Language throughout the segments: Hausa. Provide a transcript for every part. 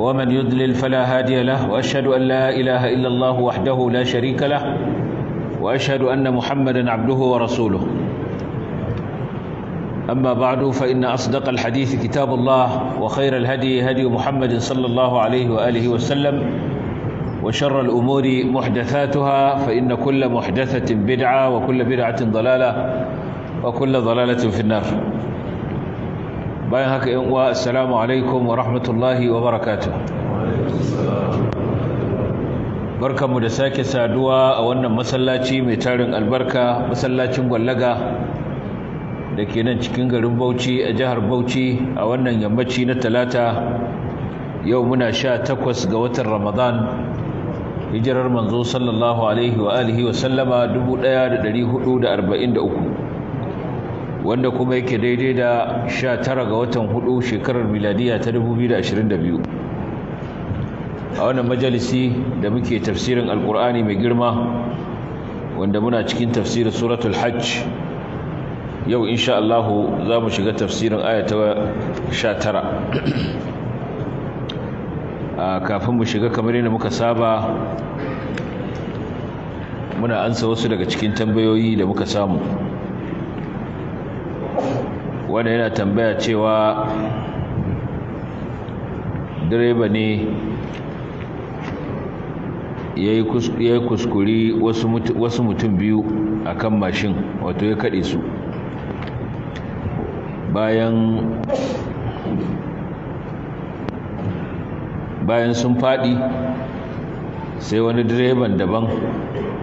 ومن يدلل فلا هادي له وأشهد أن لا إله إلا الله وحده لا شريك له وأشهد أن محمدا عبده ورسوله أما بعد فإن أصدق الحديث كتاب الله وخير الهدي هدي محمد صلى الله عليه وآله وسلم وشر الأمور محدثاتها فإن كل محدثة بدعة وكل بدعة ضلالة وكل ضلالة في النار bayan haka yan uwa assalamu alaikum wa rahmatullahi wa barakatuh barkanmu da sake saduwa a wannan masallaci mai tarin albarka masallacin gwallaga da ke nan cikin garin bauchi a jihar bauchi a wannan yammaci na talata yau muna sha takwas ga watan ramadan hijirar manzo sallallahu alaihi wa alihi wa sallama 1443 wanda kuma yake daidai da 19 ga watan 4 shekarar miladiya ta 2022 a wannan majalisi da muke tafsirin alkur'ani mai girma wanda muna cikin tafsirin suratul hajj yau insha Allah za mu shiga tafsirin aya 19 a kafin mu shiga kamar yadda muka saba muna ansa wasu daga cikin tambayoyi da muka samu wanda yana tambaya cewa direba ne ya yi kuskuri wasu mutum biyu a kan mashin wato ya kaɗe su bayan sun faɗi sai wani direban daban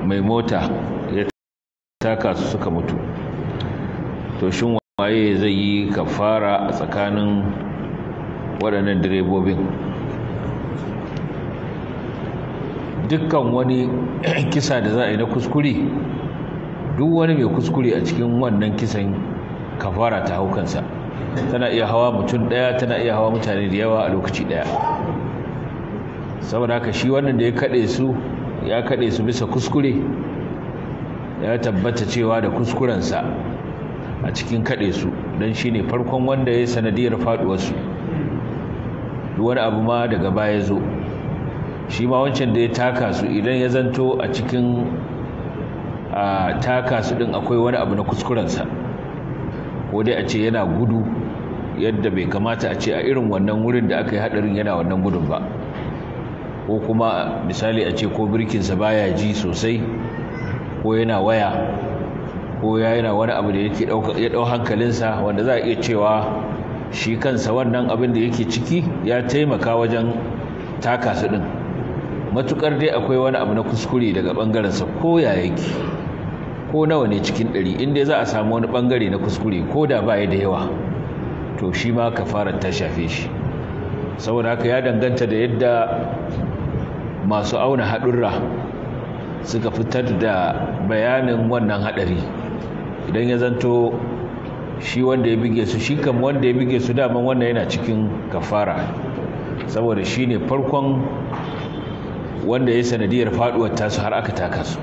mai mota ya taka su suka mutu to shin waye zai yi kafara a tsakanin waɗannan direbobin dukkan wani kisa da za a yi na kuskure duk wani mai kuskure a cikin wannan kisan kafara ta haukansa tana iya hawa mutum ɗaya tana iya hawa mutane da yawa a lokaci ɗaya saboda haka shi wannan da ya kaɗe su ya kaɗe su bisa kuskure ya tabbata cewa da kuskurensa a cikin kaɗe su don shi ne farkon wanda ya sanadiyar faɗuwarsu wani abu ma daga baya zo shi ma wancan da ya taka su idan ya zanto a cikin a taka su ɗin akwai wani abu na kuskurensa ko dai a ce yana gudu yadda bai kamata a ce a irin wannan wurin da aka yi haɗarin yana wannan gudun ba ko kuma misali a ce ko birkinsa baya ji sosai ko yana waya ko ya yana wani abu da yake ya ɗau hankalinsa wanda za a iya cewa shi kansa wannan abin da yake ciki ya taimaka wajen taka su ɗin matukar dai akwai wani abu na kuskure daga ɓangarensa ko ya yake ko nawa ne cikin ɗari inda za a samu wani ɓangare na kuskure ko da ya da yawa to shi ma fara ta shafe shi saboda haka ya danganta da yadda masu auna haɗurra suka fitar da bayanin wannan haɗari idan ya zanto shi wanda ya bige su shi kam wanda ya bige su daman wannan yana cikin kafara saboda shi ne farkon wanda ya sanadiyar faduwar tasu har aka taka su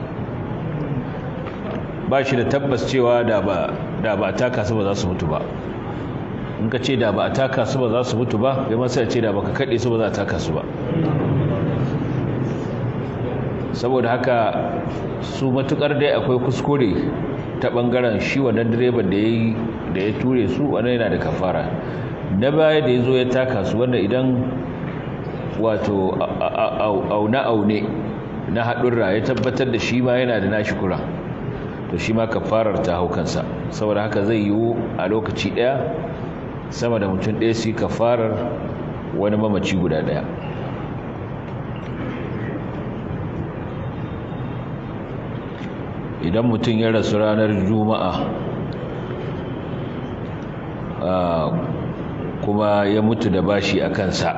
ba shi da tabbas cewa da ba a taka su ba za su mutu ba in ka ce da ba a taka su ba za su mutu ba bai masu ce da ba ka kaɗe su ba za a taka su ba saboda haka su matukar dai akwai kuskure ta bangaren shi wannan direban da ya da ya ture su wannan yana da kafara na baya da ya zo ya taka su wanda idan wato auna aune na haɗurra ya tabbatar da shi ma yana da nashi kura to shi ma kafarar ta hau kansa saboda haka zai yiwu a lokaci ɗaya sama da mutum ɗaya su yi kafarar wani mamaci guda ɗaya idan mutum ya rasu ranar juma'a kuma ya mutu da bashi a kansa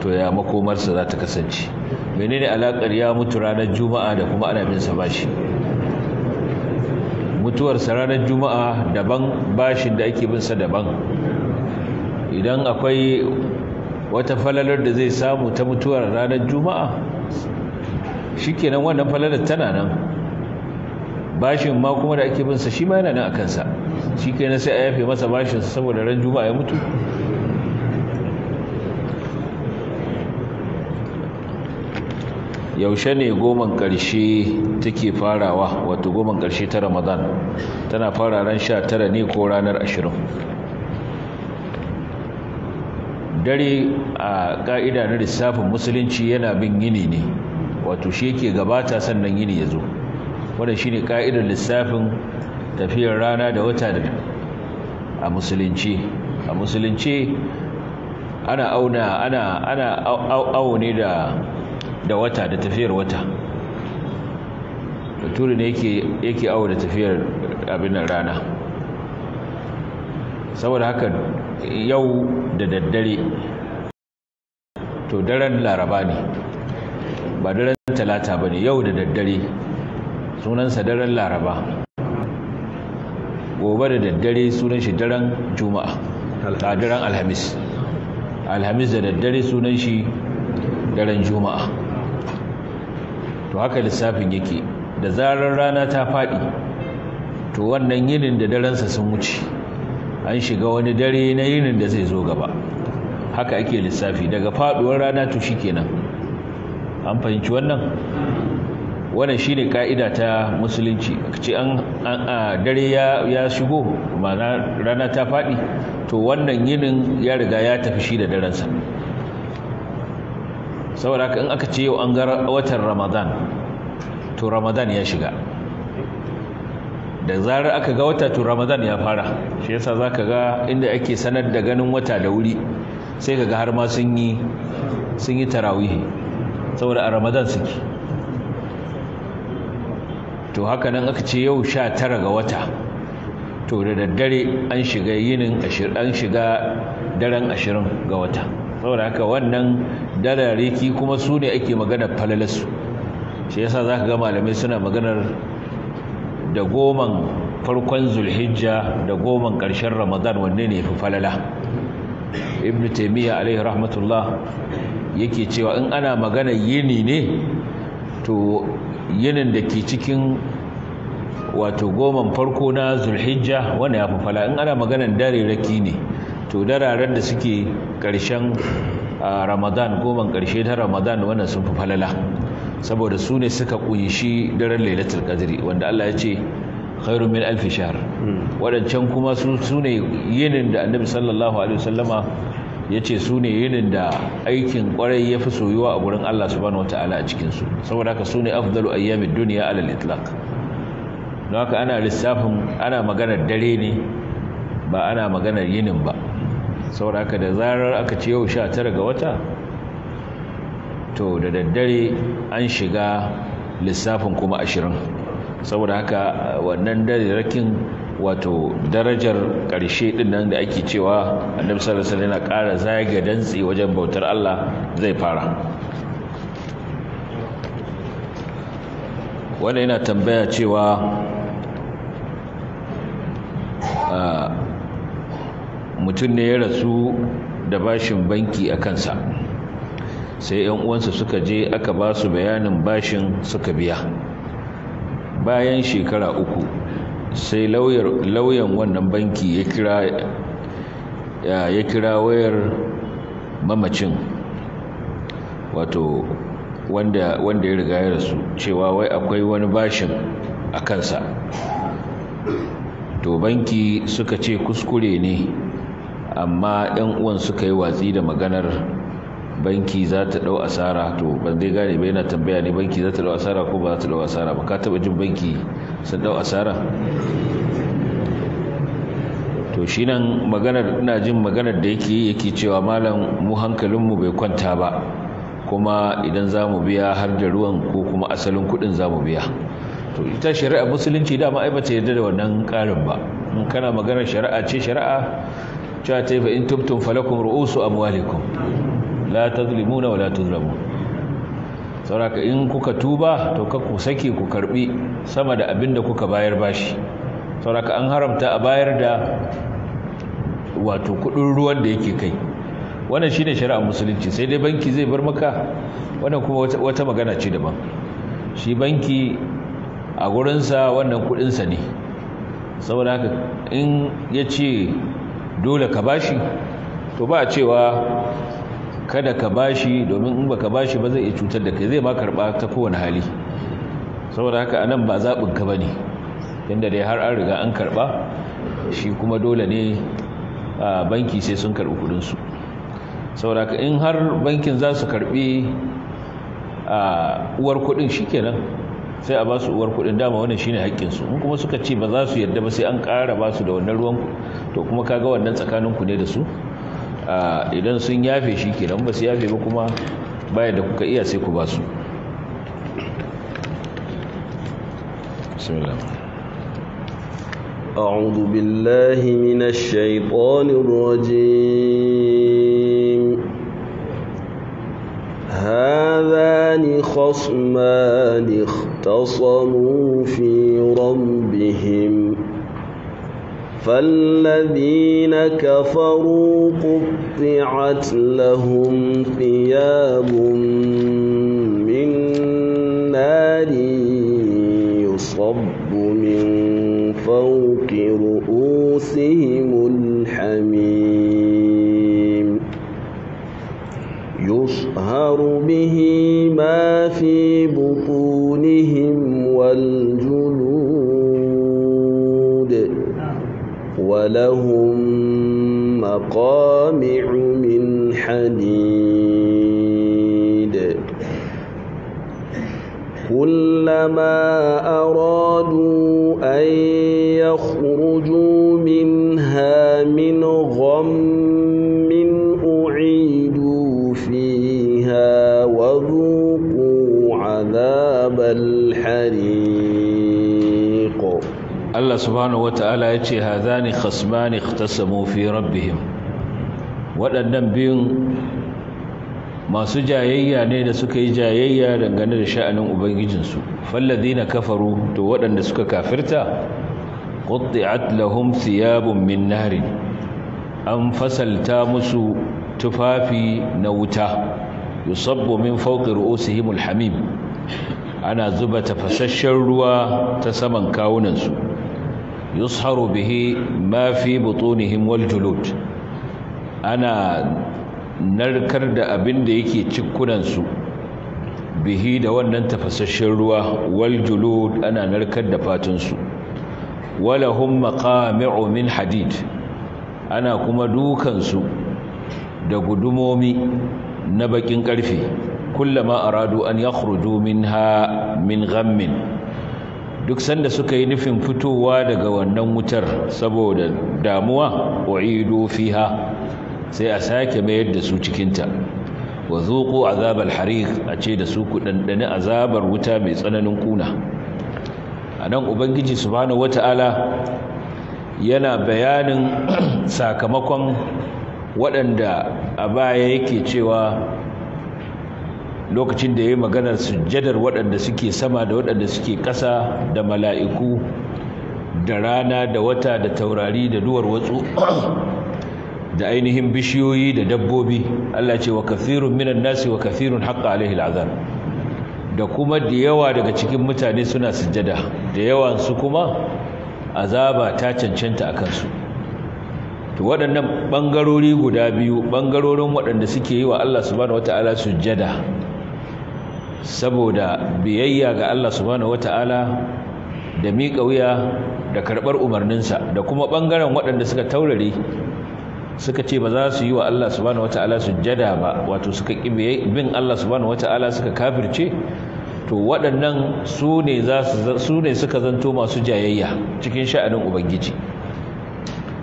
to ya makomarsa za ta kasance menene alakar ya mutu ranar juma'a da kuma ana binsa bashi mutuwarsa ranar juma'a daban bashin da ake binsa daban idan akwai wata falalar da zai samu ta mutuwar ranar juma'a shi kenan wannan falalar tana nan bashin ma kuma da ake bin sa shi ma yana nan a kansa shi na sai a yafe masa bashin saboda ran juma'a ya mutu yaushe ne goman karshe take farawa wato goman ƙarshe ta ramadan tana fara ran sha tara ne ko ranar ashirin dare a ka'ida na lissafin musulunci yana bin yini ne wato shi yake gabata sannan yini ya zo shi shine ka'idar lissafin tafiyar rana da wata da a musulunci a musulunci ana auna ana ana auni da da wata da tafiyar wata bature ne yake yake awo da tafiyar abin rana saboda haka yau da daddare to daren laraba ne ba daren talata ba ne yau da daddare sunansa daren laraba gobe da daddare sunan shi daren juma'a a daren alhamis alhamis da daddare sunan shi daren juma'a to haka lissafin yake da zarar rana ta faɗi to wannan yinin da darensa sun wuce an shiga wani dare na yinin da zai zo gaba haka ake lissafi daga faɗuwar rana to shikenan an fahimci wannan wannan shine ka'ida ta musulunci ce an dare ya shigo ma'ana rana ta faɗi to wannan yinin ya riga ya tafi shi da darensa saboda haka in aka ce yau an ga watan ramadan to ramadan ya shiga da zarar aka ga wata to ramadan ya fara shi yasa za ka ga inda ake sanar da ganin wata da wuri sai ka ga har ma sun yi tarawihi saboda a ramadan suke to haka nan aka ce yau sha tara ga wata to da daddare an shiga yinin an shiga daren ashirin ga wata saboda haka wannan dalariki kuma su ne ake maganar falalarsu shi yasa za ka ga malamai suna maganar da goman farkon zulhijja da goman ƙarshen ramadan wanne ne fi falala ibn taimiyya alaihi rahmatullah yake cewa in ana maganar yini ne to yinin da ke cikin wato goman farko na zulhijja wanda ya fafala in ana maganan dare raki ne to dararen da suke ƙarshen ramadan goman karshe ta ramadan wannan sun fi falala saboda su ne suka ƙunshi daren lailatul qadri wanda Allah ya ce khairu min alfi shahr hmm. wadancan kuma su ne yinin da annabi sallallahu alaihi wasallama ya ce su ne yinin da aikin kwarai ya fi soyuwa a gurin Allah subhanahu wa ta'ala a cikinsu saboda haka su ne afdalu ayyamin duniya alal itlaq don haka ana lissafin ana maganar dare ne ba ana maganar yinin ba saboda haka da zarar aka ce yau sha tara ga wata to da daddare an shiga lissafin kuma ashirin saboda haka wannan dare rakin wato darajar ƙarshe ɗin nan da ake cewa annabi sallallahu alaihi yana ƙara zaga dantse wajen bautar Allah zai fara wanda yana tambaya cewa mutum ne ya rasu da bashin banki a kansa sai 'yan uwansa suka je aka ba su bayanin bashin suka biya bayan shekara uku sai lauyan wannan banki ya kira wayar mamacin wato wanda ya riga ya rasu cewa wai akwai wani bashin a kansa to banki suka ce kuskure ne amma yan uwan suka yi watsi da maganar banki za ta dau asara to ban dai gane ba yana tambaya ne banki za ta dau asara ko ba za ta dau asara ba ka taɓa jin banki sadau asara to shi nan maganar ina jin maganar da yake yake cewa malam mu hankalinmu bai kwanta ba kuma idan za mu biya har da ruwan ko kuma asalin kuɗin za mu biya to ita shari'a musulunci dama ai bata yarda da wannan karin ba in kana maganar shari'a ce shari'a cewa ta yi fa in tubtum falakum ru'usu amwalikum la tazlimuna wa la tuzlamun sauraka in kuka tuba to ka ku sake ku karbi sama da abin da kuka bayar bashi sauraka an haramta a bayar da wato kudin ruwan da yake kai wannan shine shari'a musulunci sai dai banki zai bar maka wannan kuma wata magana ce daban shi banki a gurinsa wannan kudinsa ne saboda haka in ya ce dole ka bashi to ba a cewa kada ka bashi domin in baka bashi ba zai iya cutar da kai zai ma karba ta kowane hali saboda haka anan ba zaɓin ka bane inda dai har an riga an karɓa shi kuma dole ne a banki sai sun karɓi kuɗinsu saboda haka in har bankin za su karɓi a uwar kuɗin shikenan sai a ba su uwar kuɗin dama wannan shine haƙƙinsu in kuma suka ce ba za su yarda ba sai an ƙara ba su da wannan ruwan to kuma kaga wannan tsakaninku ne da su idan sun yafe shi kenan ba su yafe ba kuma baya da kuka iya sai ku ba su بسم الله أعوذ بالله من الشيطان الرجيم هذان خصمان اختصموا في ربهم فالذين كفروا قطعت لهم ثياب من نار يصب من فوق رؤوسهم الحميم يصهر به ما في بطونهم والجلود ولهم مقامع من حديد كلما أرادوا أن يخرجوا منها من غم أعيدوا فيها وذوقوا عذاب الحريق الله سبحانه وتعالى يتي هذان خصمان اختصموا في ربهم ولن biyun masu jayayya ne da suka yi jayayya dangane da sha'anin ubangijinsu na kafaru to waɗanda suka kafirta qutti'at lahum thiyabun min narin an fasalta musu tufafi na wuta yusabbu min fawqi ru'usihim alhamim ana zuba tafasasshen ruwa ta saman kawunansu yusharu bihi ma fi butunihim wal julud ana narkar da abin da yake cikunansu bihi da wannan tafasasshen ruwa wal ana narkar da fatansu walahum maqami'u min hadid ana kuma dukansu da gudumomi na bakin karfe kullama aradu an yakhruju minha min ghammin duk sanda suka yi nufin fitowa daga wannan wutar saboda damuwa uidu fiha sai a sake mayar da su cikinta wa zuqu azabar harik a ce da su ku azabar wuta mai tsananin kuna anan ubangiji subhanahu wataala yana bayanin sakamakon waɗanda a baya yake cewa lokacin da yayi maganar sujjadar waɗanda suke sama da waɗanda suke ƙasa da mala'iku da rana da wata da taurari da duwar watsu da ainihin bishiyoyi da dabbobi Allah ce wa kafirun minan nasi wa kafirun haqqa alaihi al'azab da kuma da yawa daga cikin mutane suna sujada, da yawan su kuma azaba ta cancanta a kansu. to waɗannan ɓangarori guda biyu bangarorin waɗanda suke yi wa Allah subhanahu wataala sujjada saboda biyayya ga Allah subhanahu wataala da miƙa wuya da karɓar umarninsa da kuma ɓangaren waɗanda suka taurare suka ce ba za su yi wa Allah subhanahu wata'ala sujjada ba wato suka bin Allah subhanahu wata'ala suka kafirce to waɗannan su ne su ne suka zanto masu jayayya cikin sha'anin ubangiji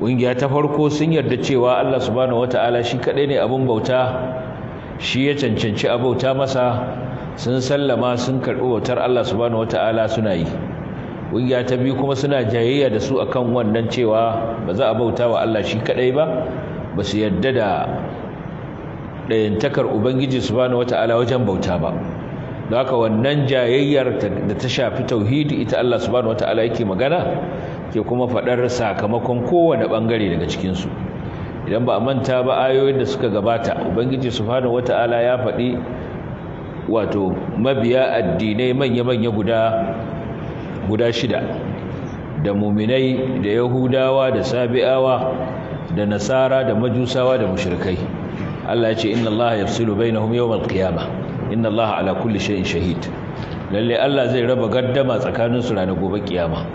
ƙungiya ta farko sun yarda cewa Allah subhanahu wata'ala shi kadai ne abun bauta shi ya cancanci abauta masa sun sallama sun karɓi bautar Allah subhanahu wata'ala suna yi ƙungiya ta biyu kuma suna jayayya da su akan wannan cewa ba za a bauta wa Allah shi kadai ba ba su yadda da ɗayantakar ubangiji subhanahu wata'ala wajen bauta ba da haka wannan jayayyar da ta shafi tauhidi ita Allah subhanahu wata'ala yake magana ke kuma faɗar sakamakon kowane bangare daga cikin su idan ba a manta ba ayoyin da suka gabata ubangiji subhanahu wata'ala ya faɗi wato mabiya addinai manya-manya guda guda shida da muminai da yahudawa da sabi'awa da nasara da majusawa da mushrikai Allah ya ce inna Allah yafsilu bainahum yawmal qiyama. inna Allah ala kulli shay'in shahid lalle Allah zai raba gaddama tsakanin su ranar gobe kiyama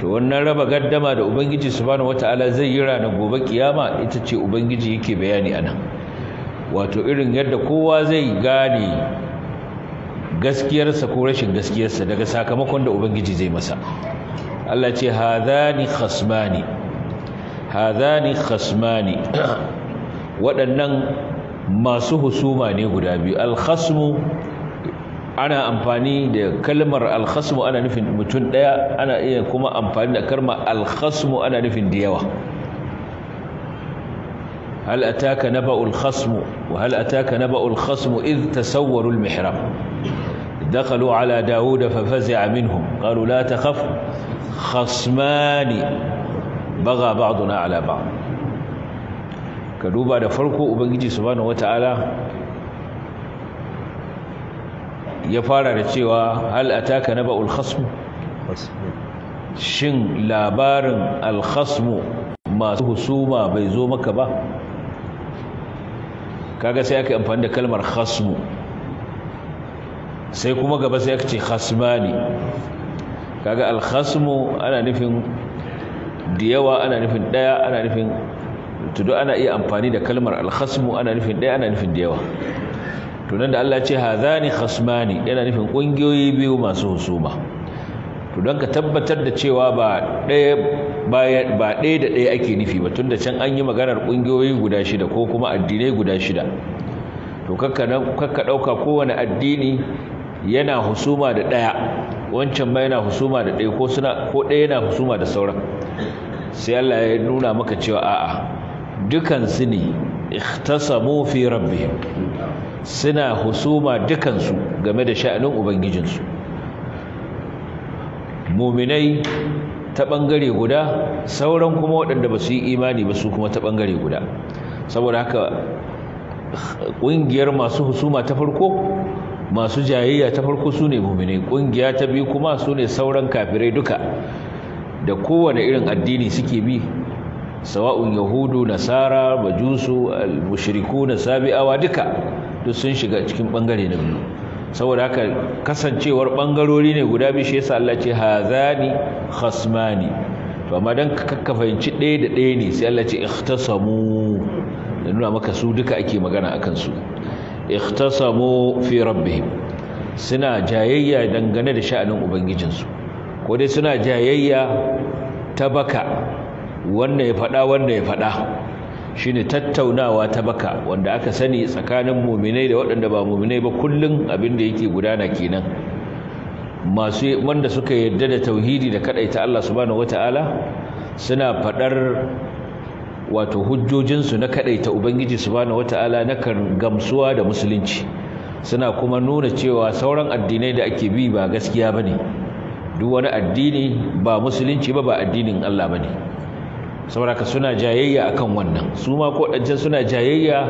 to wannan raba gaddama da ubangiji subhanahu wataala zai yi ranar gobe kiyama ita ce ubangiji yake bayani anan wato irin yadda kowa zai gane gaskiyarsa ko rashin gaskiyarsa daga sakamakon da ubangiji zai masa Allah ce hadhani khasmani hadhani khasmani waɗannan masu husuma ne guda biyu al-khasmu ana amfani da kalmar al-khasmu ana nufin mutum ɗaya ana iya kuma amfani da kalmar al-khasmu ana nufin da yawa هل أتاك نبأ الخصم وهل أتاك نبأ الخصم إذ تسوروا المحراب دخلوا على داود ففزع منهم قالوا لا تخف خصمان بغى بعضنا على بعض كدوبا da farko ubangiji subhanahu wataala ya fara da cewa hal ataka naba'ul khasm shin labarin al khasm masu husuma bai zo maka ba kaga sai aka amfani da kalmar khasmu sai kuma gaba sai aka ce khasmani kaga alkhasmu ana nufin da ana nufin daya ana nufin tudu ana iya amfani da kalmar alkhasmu ana nufin daya ana nufin da yawa to nan da Allah ce hazani khasmani yana nufin kungiyoyi biyu masu husuma to don ka tabbatar da cewa ba daya ba daya da daya ake nufi ba tunda can an yi maganar kungiyoyi guda shida ko kuma addinai guda shida to kakka kakka dauka kowane addini yana husuma da ɗaya wancan ma yana husuma da ɗaya ko suna ko ɗaya yana husuma da sauran sai Allah ya nuna maka cewa a'a dukansu ne ikhtasamu fi rabbihim suna husuma dukansu game da sha'anin ubangijinsu muminai ta bangare guda sauran kuma waɗanda ba su yi imani ba su kuma ta bangare guda saboda haka ƙungiyar masu husuma ta farko masu jayayya ta farko su ne muminai ƙungiya ta biyu kuma su ne sauran kafirai duka da kowane irin addini suke bi sawa'un yahudu nasara majusu mushriku na sabi'awa duka duk sun shiga cikin bangare na biyu saboda haka kasancewar bangarori ne guda biyu shi yasa Allah ce hazani khasmani to amma dan ka fahimci ɗaya da ɗaya ne sai Allah ce ikhtasamu da nuna maka su duka ake magana akan su ikhtasamu fi rabbihim suna jayayya dangane da sha'anin ubangijinsu ko dai suna jayayya tabaka baka wannan ya faɗa wanda ya faɗa shine tattaunawa ta baka wanda aka sani tsakanin muminai da waɗanda ba muminai ba kullum abin da yake gudana kenan masu wanda suka yarda da tauhidi da kadaita Allah subhanahu wataala suna faɗar wato hujjojinsu na kaɗai ta ubangiji su wata wataala na gamsuwa da musulunci suna kuma nuna cewa sauran addinai da ake bi ba gaskiya ba ne, duk wani addini ba musulunci ba ba addinin Allah ba ne saboda suna jayayya akan wannan su ma ko ɗancan suna jayayya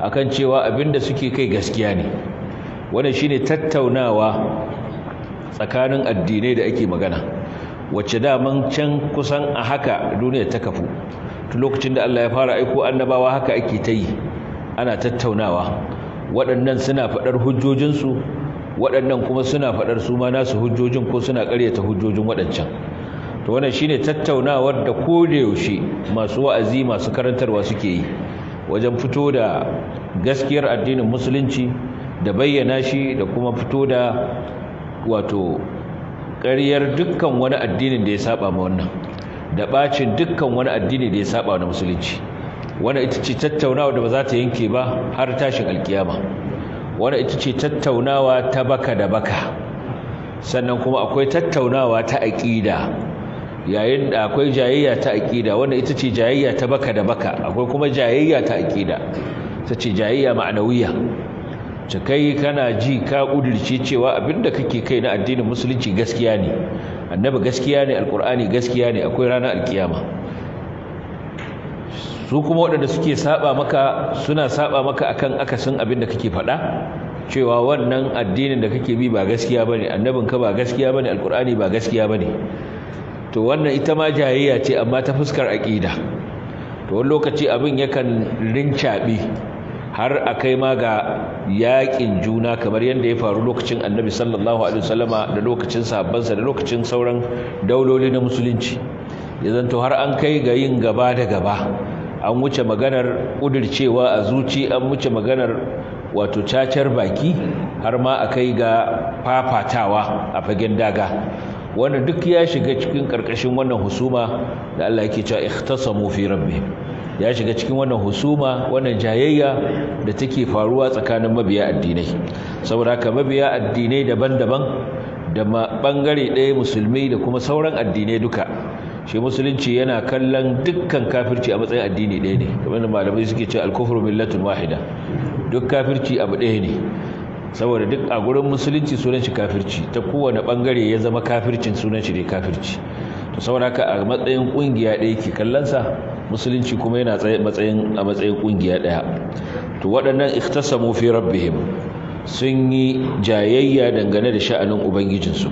akan cewa abin da suke kai gaskiya ne wannan shine tattaunawa tsakanin addinai da ake magana wacce daman can kusan a haka duniya ta kafu to lokacin da Allah ya fara aiko annabawa haka ake ta yi ana tattaunawa waɗannan suna faɗar hujjojinsu waɗannan kuma suna faɗar su ma nasu hujjojin ko suna ƙaryata hujjojin waɗancan to wannan shine tattaunawar da yaushe masu wa'azi masu karantarwa suke yi wajen fito da gaskiyar addinin musulunci da bayyana shi da kuma fito da wato ƙaryar dukkan wani addinin da ya saba ma wannan da bacin dukkan wani addini da ya saba na musulunci wani ita ce tattaunawa da ba za ta yanke ba har tashin alkiyama wani ita ce tattaunawa ta baka da baka sannan kuma akwai tattaunawa ta aƙida yayin da akwai jayayya ta aƙida wani ita ce jayayya ta baka da baka akwai kuma jayayya ta aƙida ta ce jayayya ma'anawiyya ta kai kana ji ka kudirce cewa abinda kake kai na addinin musulunci gaskiya ne annabi gaskiya ne alkur'ani gaskiya ne akwai ranar alkiyama su kuma waɗanda suke saba maka suna saba maka akan akasin abinda kake faɗa cewa wannan addinin da kake bi ba gaskiya bane ka ba gaskiya bane alkur'ani ba gaskiya bane to wannan ita ma jayayya ce amma ta fuskar aqida to wani lokaci abin yakan rincaɓe har a kai ma ga yaƙin juna kamar yadda ya faru lokacin annabi sallallahu alaihi wasallama da lokacin sahabbansa da lokacin sauran dauloli na musulunci ya zanto har an kai ga yin gaba da gaba an wuce maganar ƙudircewa a zuci an wuce maganar wato cacar baki har ma a kai ga fafatawa a fagen daga wanda duk ya shiga cikin ƙarƙashin wannan husuma da Allah yake cewa ikhtasamu fi rabbihim ya shiga cikin wannan husuma wannan jayayya da take faruwa tsakanin mabiya addinai saboda haka mabiya addinai daban-daban da bangare ɗaya musulmi da kuma sauran addinai duka shi musulunci yana kallon dukkan kafirci a matsayin addini ɗaya ne kamar da malamai suke ce alkufru millatun wahida duk kafirci abu ɗaya ne saboda duk a gurin musulunci sunan shi kafirci ta kowane bangare ya zama kafircin sunan shi ne kafirci to saboda haka a matsayin kungiya ɗaya ke kallon sa. musulunci kuma yana matsayin a matsayin kungiya ɗaya. to waɗannan ikhtasamu fi rabbihim sun yi jayayya dangane da sha'anin ubangijinsu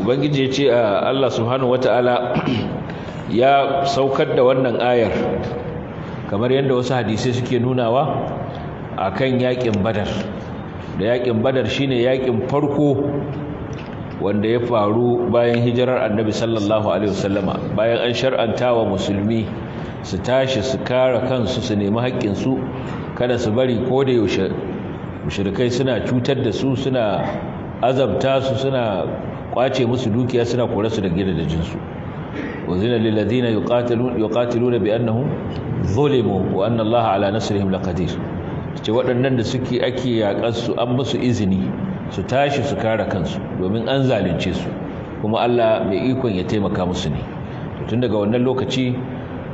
ubangiji ya ce Allah subhanahu wata'ala ya saukar da wannan ayar kamar yadda wasu hadisai suke nunawa akan yakin badar da yakin badar shine yakin farko wanda ya faru bayan hijirar annabi sallallahu alaihi wasallama bayan an shar'anta wa musulmi su tashi su kare kansu su nemi haƙƙinsu kada su bari ko da yaushe mushrikai suna cutar da su suna azabta su suna kwace musu dukiya suna kore su da gidajensu wazina lil ladina yuqatiluna yuqatiluna bi annahum zulimu wa anna allaha ala nasrihim laqadir ce waɗannan da ake yaƙar an musu izini su tashi su kare kansu domin an zalunce su kuma Allah mai ikon ya taimaka musu ne tun daga wannan lokaci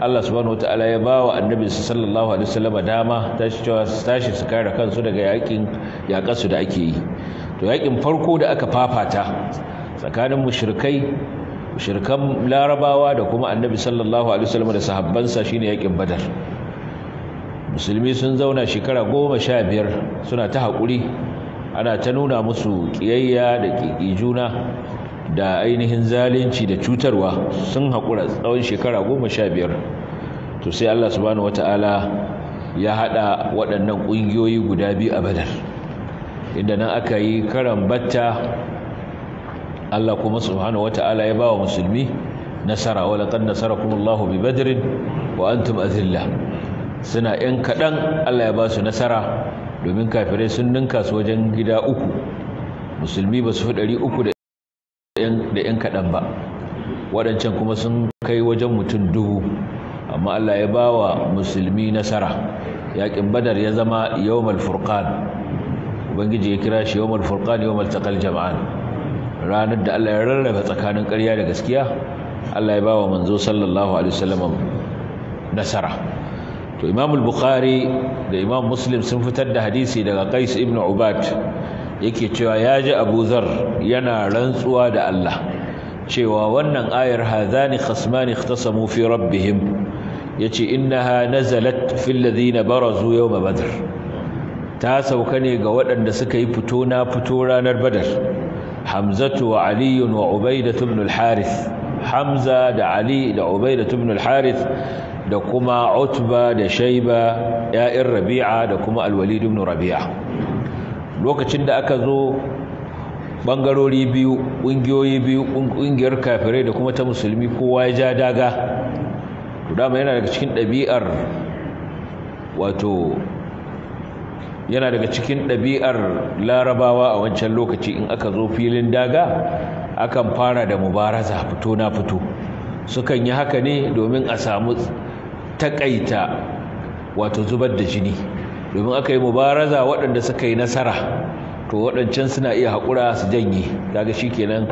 Allah subhanahu wataala ya ba wa annabi sallallahu alaihi wasallam dama tashi cewa su tashi su kare kansu daga yakin yakansu da ake yi to yakin farko da aka fafata tsakanin mushrikai mushrikan larabawa da kuma annabi sallallahu alaihi wasallam da sahabbansa shine yakin badar musulmi sun zauna shekara goma sha biyar suna ta haƙuri ana ta nuna musu ƙiyayya da ƙiƙi juna da ainihin zalunci da cutarwa sun haƙura tsawon shekara goma sha biyar to sai allah subhanahu wata'ala ya haɗa waɗannan ƙungiyoyi guda biyu a badar inda nan aka yi karan batta allah kuma subhanahu wata'ala ya ba wa musulmi nasara walaƙar nasara kuma allahu bi badirin wa antum azillah suna 'yan kaɗan allah ya ba su nasara domin kafirai sun ninka su wajen gida uku musulmi ba su fi ɗari uku da ‘yan kaɗan ba waɗancan kuma sun kai wajen mutum dubu amma Allah ya ba wa musulmi nasara yaƙin badar ya zama yau malfurkan ubangiji ya kira shi yau malfurkan yau jama'an ranar da Allah ya rarraba tsakanin ƙarya da gaskiya Allah ya ba wa manzo sallallahu alaihi wasallam nasara to imam al-bukhari da imam muslim sun fitar da hadisi daga qais ibn ubad yake cewa ya ji abu zar yana rantsuwa da allah cewa wannan ayar hadhani khasmani ikhtasamu fi rabbihim yace innaha nazalat fil ladina barazu yawm badr ta sauka ne ga waɗanda suka yi fito na fito ranar badar hamzatu wa ali wa ubaidatu ibn al-harith hamza da ali da ubaidatu ibn al-harith da kuma utba da shaiba ya'yan rabi'a da kuma alwalid ibn rabi'a lokacin da aka zo bangarori biyu ƙungiyoyi biyu ƙungiyar kafirai da kuma ta musulmi kowa ya ja daga to dama yana daga cikin ɗabi'ar wato yana daga cikin dabi'ar larabawa a wancan lokaci in aka zo filin daga akan fara da mubaraza fito na fito sukan yi haka ne domin a samu taƙaita wato zubar da jini domin aka yi mubaraza waɗanda suka yi nasara to waɗancan suna iya haƙura su janye kaga shi kenan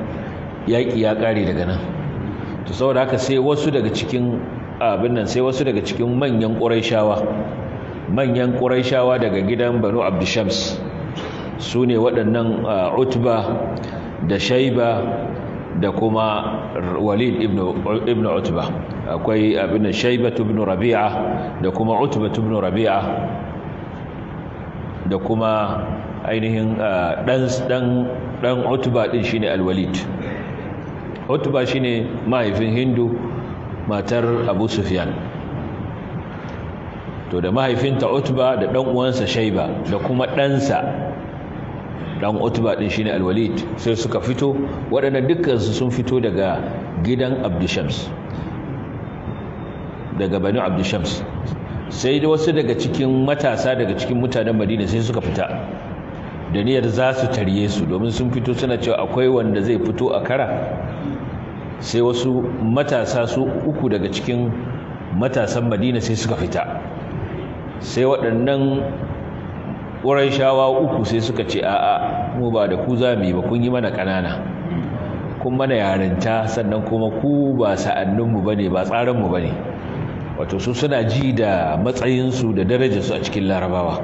yaƙi ya ƙare daga nan to saboda haka sai wasu daga cikin abin nan sai wasu daga cikin manyan ƙuraishawa manyan ƙuraishawa daga gidan banu abdushams su ne waɗannan uh, utba da shaiba da kuma walid ibn utba akwai abin shaibatu ibn rabi'a da kuma utbatu ibn rabi'a da kuma ainihin uh, dan utba din shine alwalid utba shine mahaifin hindu matar abu sufyan to da mahaifinta utba da dan uwansa shaiba da kuma ɗansa dan utba din shine alwalid sai suka fito waɗannan dukkansu sun fito daga gidan abdushams daga banu abdushams sai da wasu daga cikin matasa daga cikin mutanen madina sai suka fita da niyyar za su tarye su domin sun fito suna cewa akwai wanda zai fito a kara sai wasu matasa su uku daga cikin matasan madina sai suka fita sai waɗannan shawa uku sai suka ce a'a mu ba da ku za mu yi ba kun yi mana ƙanana kun mana yarinta sannan kuma ku ba sa'anninmu ba ne ba tsarinmu ba ne wato su suna ji da matsayinsu da darajarsu a cikin larabawa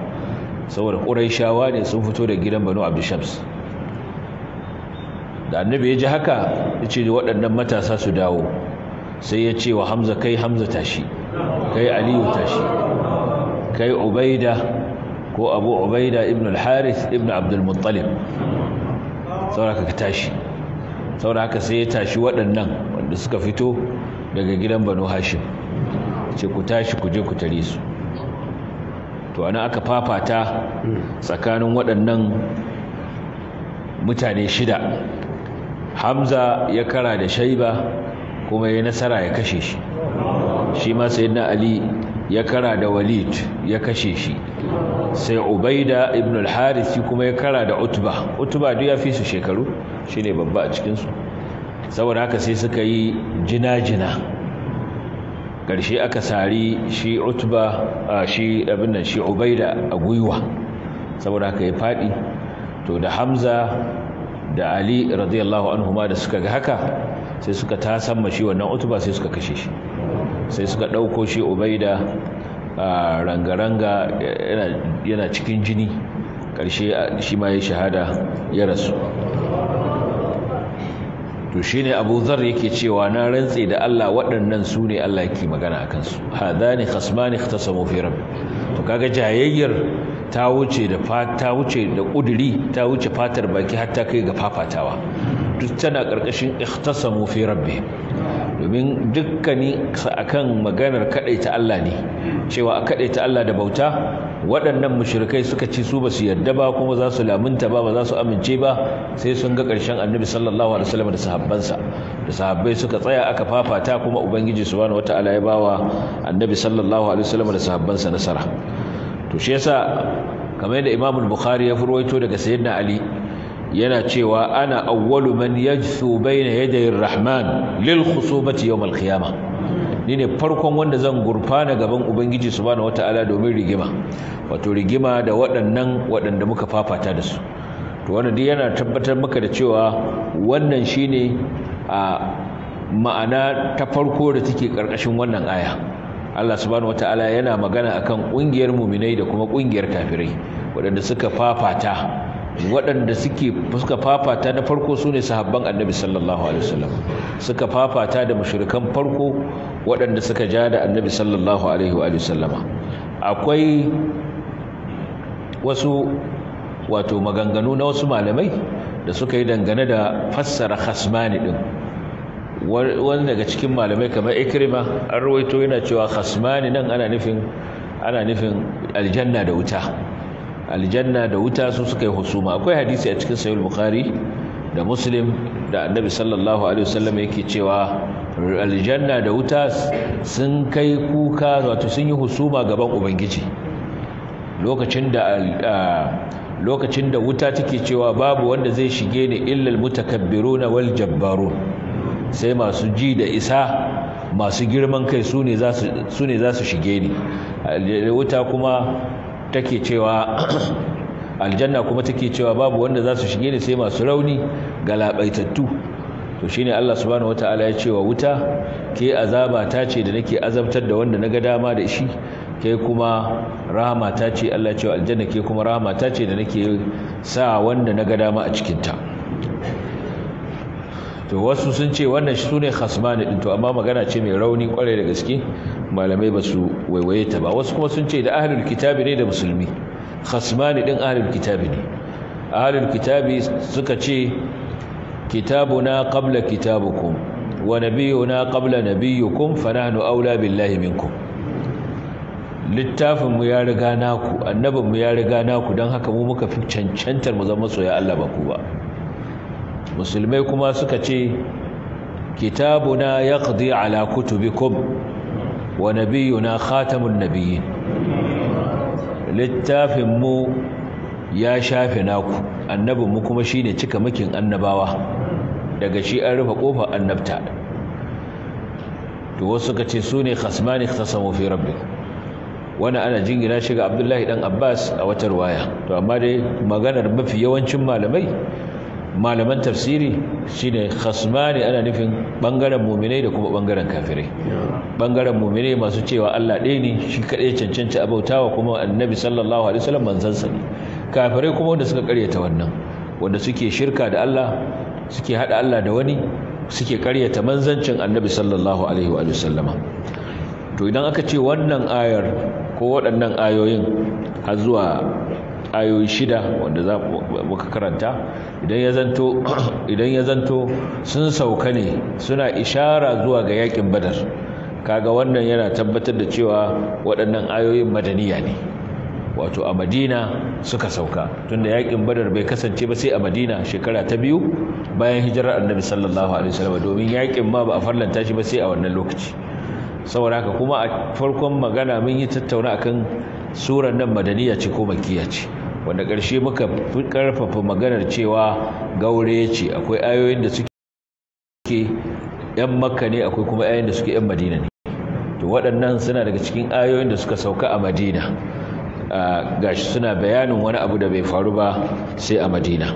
saboda shawa ne sun fito da gidan banu shams da annabi ya ji haka ya ce waɗannan matasa su dawo sai ya ce wa hamza kai hamza tashi kai aliyu tashi kai ubaida ko abu ubaida ibn al-haris ibn abdulmuttalib sauraka ka tashi sauraka sai ya tashi waɗannan wanda suka fito daga gidan banu hashim ce ku tashi ku je ku tare su to ana aka fafata tsakanin waɗannan mutane shida hamza ya kara da shaiba kuma ya nasara ya kashe shi shi ma sayyidina ali ya kara da walid ya kashe shi sai ubaida ibn al-harisi kuma ya kara da utba utba duk ya fi su shekaru shine babba a cikin su saboda haka sai suka yi jina-jina Karshe aka sari shi utba shi abin nan shi ubaida a gwiwa saboda haka ya faɗi to da hamza da ali radiyallahu anhuma da suka ga haka sai suka tasamma shi wannan utba sai suka kashe shi sai suka ɗauko shi ubaida ranga-ranga yana cikin jini Karshe shi ma ya shahada ya rasu to shi ne abu zar yake cewa na rantse da Allah waɗannan su ne Allah yake magana a kansu ne khasmani ikhtasamu fi rabb to kaga jayayyar ta wuce da ta wuce da ƙuduri ta wuce fatar baki har kai ga fafatawa duk tana ƙarƙashin ikhtasamu fi rabbihim domin dukkani a akan maganar ta Allah ne cewa a ta Allah da bauta waɗannan mushirikai suka ci su basu yarda ba kuma za su lamunta ba ba za su amince ba sai sun ga ƙarshen Annabi sallallahu alaihi wasallam da sahabbansa da sahabbai suka tsaya aka fafata kuma ubangiji subhanahu wataala ya bawa Annabi sallallahu alaihi wasallam da sahabbansa nasara to shi yasa kamar yadda Imam Bukhari ya furwaito daga Sayyidina Ali yana cewa ana awwalu man yajthu bayna yaday ar-rahman lil khusubati yawm al qiyama ni ne farkon wanda zan gurfana gaban ubangiji subhanahu wataala domin rigima wato rigima da waɗannan waɗanda muka fafata da su to wannan dai yana tabbatar maka da cewa wannan shine a ma'ana ta farko da take karkashin wannan aya Allah subhanahu wataala yana magana akan kungiyar muminai da kuma kungiyar kafirai waɗanda suka fafata waɗanda suke suka fafata na farko su ne sahabban annabi sallallahu alaihi wasallam suka fafata da mushrikan farko waɗanda suka ja da annabi sallallahu alaihi wasallama akwai wasu wato maganganu na wasu malamai da suka yi dangane da fassara khasmani din wani daga cikin malamai kamar ikrima an rawaito yana cewa khasmani nan ana nufin ana nufin aljanna da wuta aljanna da wuta su suka yi husuma akwai hadisi a cikin sahih bukhari da muslim da annabi sallallahu alaihi wasallam yake cewa aljanna da wuta sun kai kuka wato sun yi husuma gaban ubangiji lokacin da lokacin da wuta take cewa babu wanda zai shige ni illa almutakabbiruna wal jabbarun sai masu ji da isa masu girman kai su ne za su shige ni wuta kuma take cewa aljanna kuma take cewa babu wanda za su shige ni sai masu rauni ga labaitattu, to shine Allah subhanahu wataala ya ce wa wuta ke azaba ta ce da nake azabtar da wanda naga dama da shi ke kuma rahama ta ce Allah ya ce aljanna ke kuma rahama ta ce da nake sa wanda naga dama a cikin ta to wasu sun ce wannan su ne khasmani din to amma magana ce mai rauni kwarai da gaske malamai ba su waiwaye ta ba wasu kuma sun ce da ahlul kitabi ne da musulmi khasmani din ahlul kitabi ne ahlul kitabi suka ce kitabuna qabla kitabukum wa nabiyuna qabla nabiyukum fa nahnu aula billahi minkum littafin mu ya riga naku annabin mu ya riga naku don haka mu muka fi cancantar mu zama soyayya Allah ba ku ba musulmai kuma suka ce kitabuna yaqdi ala kutubi kutubikum wa nabiyuna khatamun nabiyi littafinmu Littafinmu ya shafe naku annabinmu kuma shi ne cika makin annabawa daga shi an rufe kofar annabta to wasu suka ce su ne khasmani khasamu fi rabbi wani ana jingina shi ga Abdullahi dan Abbas a wata ruwaya to amma dai maganar mafi yawancin malamai malaman tafsiri shine khasmani ana nufin bangaren mu'minai da kuma bangaren kafirai bangaren mu'minai masu cewa Allah ɗaya ne shi a cancanci abautawa kuma annabi sallallahu alaihi wasallam manzon sa ne kafirai kuma wanda suka karyata wannan wanda suke shirka da Allah suke hada Allah da wani suke karyata manzancin annabi sallallahu alaihi wa to idan aka ce wannan ayar ko waɗannan ayoyin har zuwa ayoyi shida wanda za muka karanta idan ya zanto idan ya zanto sun sauka ne suna ishara zuwa ga yakin badar kaga wannan yana tabbatar da cewa waɗannan ayoyin madaniya ne wato a madina suka sauka tunda yakin badar bai kasance ba sai a madina shekara ta biyu bayan hijirar annabi sallallahu alaihi wasallam domin yakin ma ba a farlanta shi ba sai a wannan lokaci saboda haka kuma a farkon magana mun yi tattauna akan surar nan madaniya ce ko makiya ce wanda ƙarshe muka fi ƙarfafa maganar cewa gaure ce akwai ayoyin da suke ‘yan makka ne akwai kuma ayoyin da suke ‘yan madina ne to waɗannan suna daga cikin ayoyin da suka sauka a madina gashi suna bayanin wani abu da bai faru ba sai a madina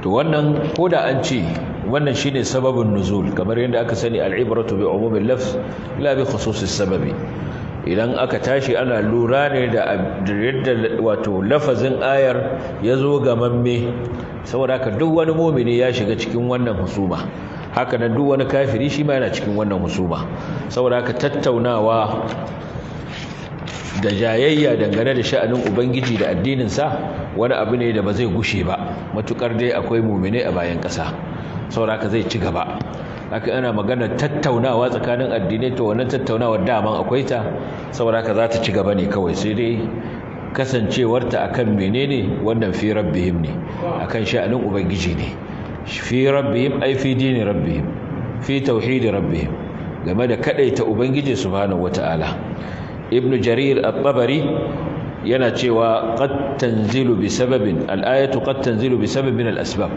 to wannan ko da an ce wannan shine sababin nuzul kamar yadda aka sani al'ibratu bi umumin lafz la bi khususis sababi idan aka tashi ana lura ne da yadda wato lafazin ayar ya zo ga mamme saboda haka duk wani mumini ya shiga cikin wannan husuma haka nan duk wani kafiri shi ma yana cikin wannan husuma saboda haka tattaunawa da jayayya dangane da sha'anin ubangiji da addininsa wani abu ne da ba zai gushe ba matukar dai akwai mumine a bayan ƙasa saboda haka zai ci gaba haka ana magana tattaunawa tsakanin addinai to wannan tattaunawa daman akwai ta saboda haka za ta ci gaba ne kawai sai dai kasancewarta akan menene wannan fi rabbihim ne akan sha'anin ubangiji ne fi rabbihim ai fi dini rabbihim fi tauhidi rabbihim game da kadaita ubangiji subhanahu wataala ibnu jarir at-tabari yana cewa qad tanzilu bi sababin al-ayatu qad tanzilu bi sababin al-asbab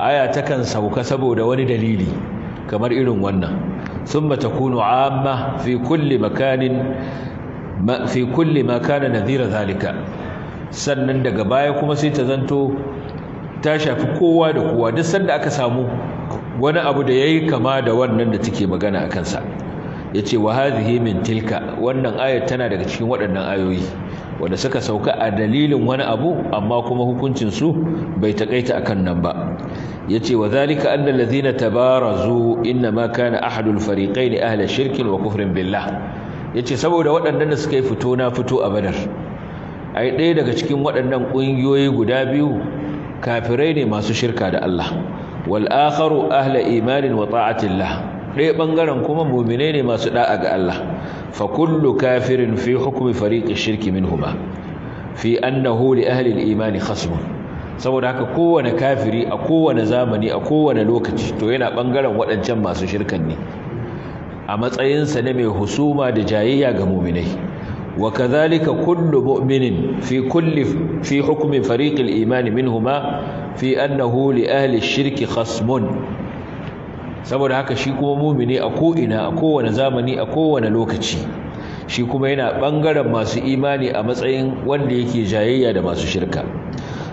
aya takan sauka saboda wani dalili kamar irin wannan thumma kunu amma fi kulli makana nazira zalika sannan daga baya kuma sai ta zanto ta shafi kowa da kowa duk sanda aka samu wani abu da yayi kama da wannan da take magana kansa, ya yace wa hadhihi tilka wannan ayat tana daga cikin waɗannan ayoyi wanda suka sauka a dalilin wani abu amma kuma hukuncin su bai takaita akan nan ba yace wa zalika anna allazina tabarazu inna ma kana ahadul ne ahla shirkin wa kufrin billah yace saboda waɗannan da suka yi fito na fito a badar ai ɗaya daga cikin waɗannan ƙungiyoyi guda biyu kafirai ne masu shirka da Allah wal akharu ahla imanin wa ta'atillah ɗaya ɓangaren kuma muminai ne masu ɗa'a ga Allah fa kullu kafirin fi hukumi fariqi shirki huma, fi annahu li ahli al-iman khasmun saboda haka kowane kafiri a kowane zamani a kowane lokaci to yana ɓangaren waɗancan masu shirkan ne a matsayinsa na mai husuma da jayayya ga muminai wa kazalika kullu mu'minin fi kulli fi hukumi fariqi al min minhuma fi annahu li ahli shirki khasmun saboda haka shi kuma mumini a ko'ina a kowane zamani a kowane lokaci shi kuma yana ɓangaren masu imani a matsayin wanda yake jayayya da masu shirka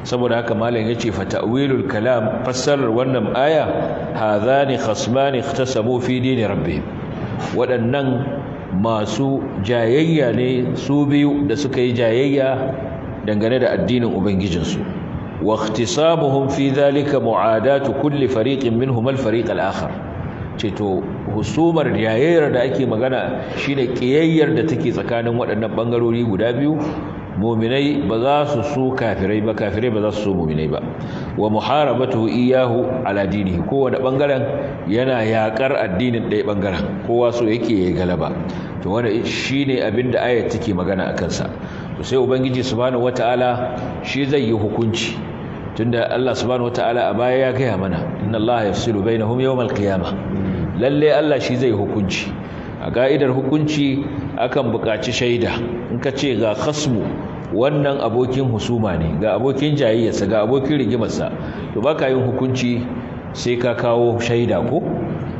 saboda haka malam ya fa fatawilul kalam fassarar wannan aya hadhani khasmani ikhtasamu fi dini rabbihim waɗannan masu jayayya ne su biyu da suka yi jayayya dangane da addinin ubangijinsu واختصامهم في ذلك معاداة كل فريق منهما الفريق الآخر ceto husumar yayayyar da ake magana shine kiyayyar da take tsakanin waɗannan bangarori guda biyu muminai ba za su so kafirai ba kafirai ba za su so muminai ba wa muharabatu iyahu ala dinihi kowane bangaren yana yakar addinin ɗaya bangaren kowa so yake ya galaba to wanda shine abin da ayat take magana a kansa to sai ubangiji subhanahu wataala shi zai yi hukunci tunda Allah subhanahu wataala a baya ya gaya mana inna Allah yafsilu bainahum yawmal qiyamah lalle Allah shi zai hukunci a ka'idar hukunci akan buƙaci shaida in ka ce ga khasmu wannan abokin husuma ne ga abokin jayayyarsa ga abokin rigimarsa to baka yin hukunci sai ka kawo shaida ko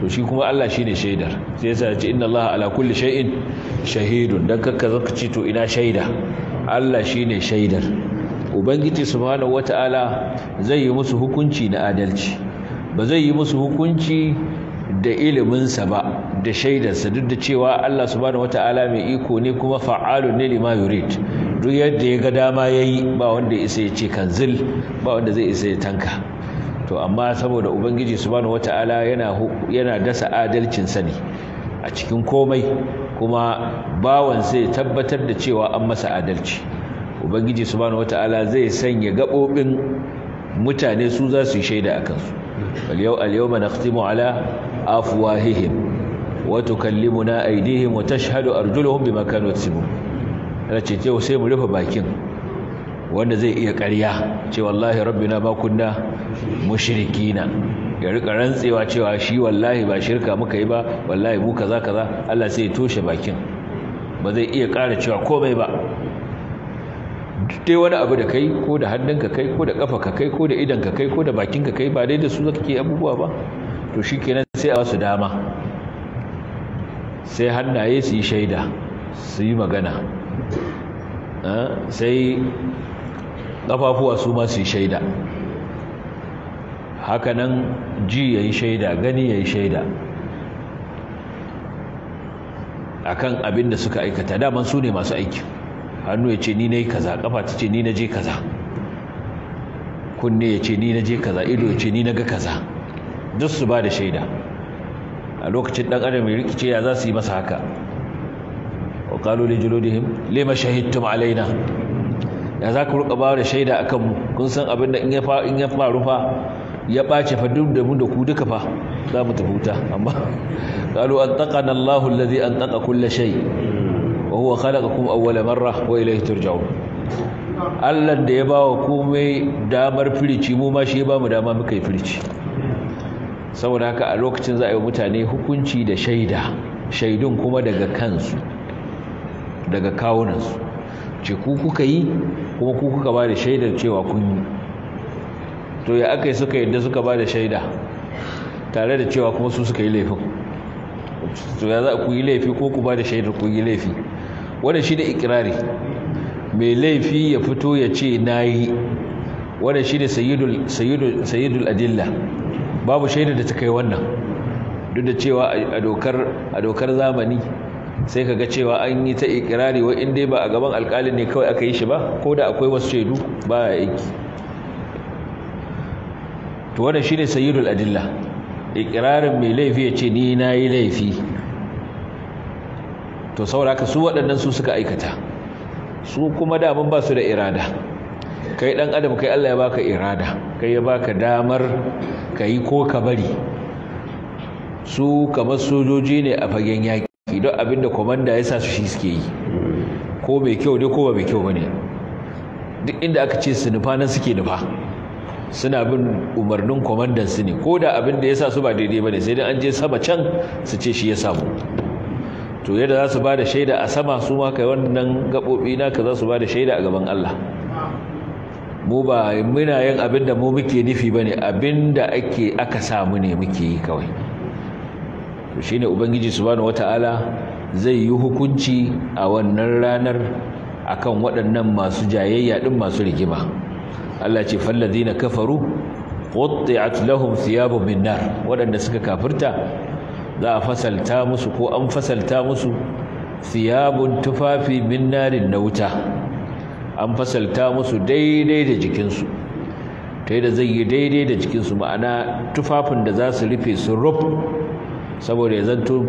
to shi kuma Allah shi ne shaidar sai ya ce inna Allah ala kulli shay'in shahidun dan kakka zaka ce to ina shaida Allah shi ne shaidar ubangiji subhanahu wata'ala zai yi musu hukunci na adalci ba zai yi musu hukunci da iliminsa ba da shaidarsa duk da cewa Allah subhanahu wata'ala mai iko ne kuma fa'alun ne lima yurid duk yadda ya ga dama yayi ba wanda isa ya ce kanzil ba wanda zai isa ya tanka to amma saboda ubangiji subhanahu wata'ala yana yana dasa sa ne a cikin komai kuma bawan sai tabbatar da cewa an masa adalci ubangiji subhanahu wata'ala zai sanya gabobin mutane su za su shaida akan su al-yau al-yawma nakhtimu ala afwahihim wa tukallimuna aydihim wa tashhadu arjuluhum bima kanu yaksubun race ce sai mu rufe bakin wanda zai iya karya ce wallahi rabbina ma kunna mushrikina ya rika rantsewa cewa shi wallahi ba shirka muka yi ba wallahi mu kaza kaza Allah sai ya toshe bakin ba zai iya ƙara cewa komai ba dai wani abu da kai ko da hannunka kai ko da kafa ka kai ko da idan kai ko da bakin kai ba dai da su kake abubuwa ba to shikenan sai a wasu dama sai hannaye su yi shaida su yi magana ah, sai ƙafafuwa su ma su yi shaida hakanan ji ya yi shaida gani ya yi shaida akan abin da suka aikata daman su ne masu aiki hannu ya ce ni na yi kaza kafa ta ce ni na je kaza kunne ya ce ni na je kaza ido ya ce ni na ga kaza duk su ba da shaida a lokacin dan adam ya rikice ya za su yi masa haka wa qalu li juludihim lima shahidtum alaina ya za ku ruka ba da shaida akan mu kun san abin da in ya fa in ya faru fa ya bace fa duk da mu da ku duka fa za mu tafi wuta amma qalu antaqana Allahu an antaqa kull shay' wa huwa khalaqakum awwala marra wa ilayhi turja'un Allah da ya bawa komai damar firici mu ma shi ya bamu dama muka yi firici saboda haka a lokacin za a yi mutane hukunci da shaida shaidun kuma daga kansu daga kawunansu ce ku kuka yi kuma ku kuka ba da shaidar cewa kun yi to ya aka yi suka yadda suka ba da shaida tare da cewa kuma su suka yi laifin to ya za ku yi laifi ko ku ba da shaidar ku yi laifi wanda shi da ikirari mai laifi ya fito ya ce na yi wanda shi da sayidul adilla babu shaida da ta kai wannan duk da cewa a dokar zamani sai ka ga cewa an yi ta ikirari wa inda ba a gaban alkalin ne kawai aka yi shi ba ko da akwai wasu shaidu ba a aiki to shi shine sayyidul adilla ikirarin mai laifi ya ce ni na yi laifi to sauraka su waɗannan su suka aikata su kuma daman ba su da irada kai ɗan adam kai Allah ya baka irada kai ya baka damar ka yi ko ka bari su kamar sojoji ne a fagen yaƙi don abinda kwamanda ya sa su shi suke yi ko mai kyau ne ko ba mai kyau ba ne duk inda aka ce su nufa nan suke nufa suna bin umarnin kwamandan ne ko da abin da ya sa su ba daidai ba ne sai dai an je sama can su ce shi ya samu to yadda za su ba da shaida a sama su ma kai wannan gaɓoɓi naka za su ba da shaida a gaban Allah mu ba muna yin abin da mu muke nufi ba ne abin da ake aka samu ne muke yi kawai to shi ne ubangiji subhanahu wata'ala zai yi hukunci a wannan ranar akan waɗannan masu jayayya ɗin masu rigima Allah ce na kafaru qutti'at lahum thiyabun min waɗanda suka kafirta za a fasalta musu ko an fasalta musu siyabun tufafi min narin na wuta an fasalta musu daidai da jikinsu ta da zai yi daidai da jikinsu ma'ana tufafin da za su rufe su rub saboda ya zanto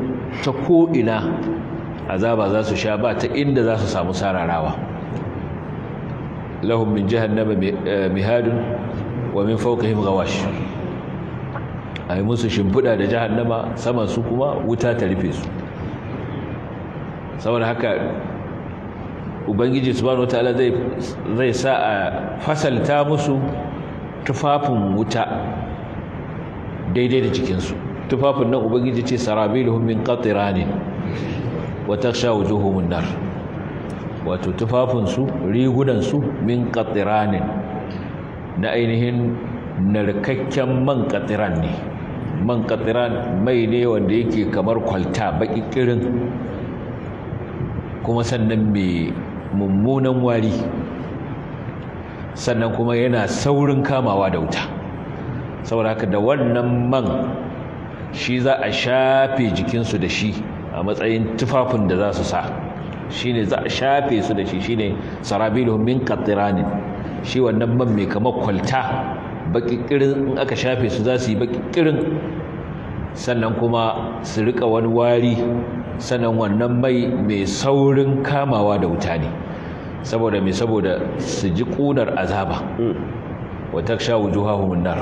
ta ko'ina azaba za su sha ba ta inda za su samu sararawa lahum min jahannama eh, mihadun wa min fawqihim ghawash a yi musu shimfiɗa da jihar nama saman su kuma wuta ta rufe su saboda haka ubangiji subhanahu wataala zai zai sa a fasalta musu tufafin wuta daidai da jikinsu tufafin nan ubangiji ce sarabiluhum min qatiranin wata sha wujuhumun nar wato tufafinsu rigunansu min ne, na ainihin narkakken man katiran ne man katsiran mai ne wanda yake kamar kwalta baki kirin kuma sannan mai mummunan wari sannan kuma yana saurin kamawa da wuta saboda haka da wannan man shi za a shafe jikinsu da shi a matsayin tufafin da za su sa shi ne za a shafe su da shi shi ne sarabi min qattiranin shi wannan man mai kamar kwalta baƙiƙirin in aka shafe su za su yi baƙiƙirin sannan kuma su riƙa wani wari sannan wannan mai mai saurin kamawa da wuta ne saboda mai saboda su ji ƙunar azaba wata taksha wujuhahum munar